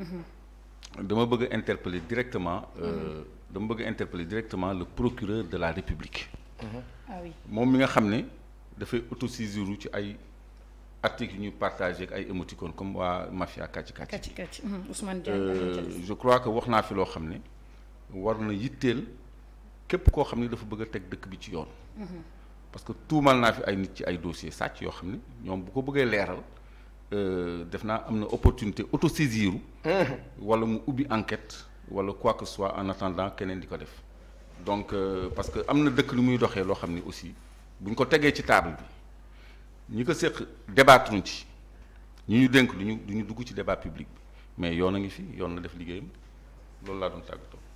Mhm. dama bëgg a interpeller directement euh, mhm. dama bëgg a directement le procureur de la République mhm. ah moom mi nga xam ne dafay autosaisir ci ay articles yu ñu partagé ak ay émoticônes comme waa mafia kàcc kàcc kàcc kàcc je crois que wax naa fi loo xam ne war na yitteel képp koo xam ne dafa bëgg a teg dëkk bi ci yoon parce que tuumal naa fi ay nit ci ay dossiers sàcc yoo xam ne ñoom bu ko bëggee leeral Euh, def naa am na opportunité autosaisir. wala mu ubbi enquête wala quoi que soit en attendant keneen di ko def donc euh, parce que am na dëkk lu muy doxee loo xam ne aussi bu ko tegee ci table bi ñi ko séq débattre ci ñi ñu dénk du ñu du ñu dugg ci débat public bi mais yoon a ngi fi yoon na def liggéeyam loolu laa doon tàggatoo.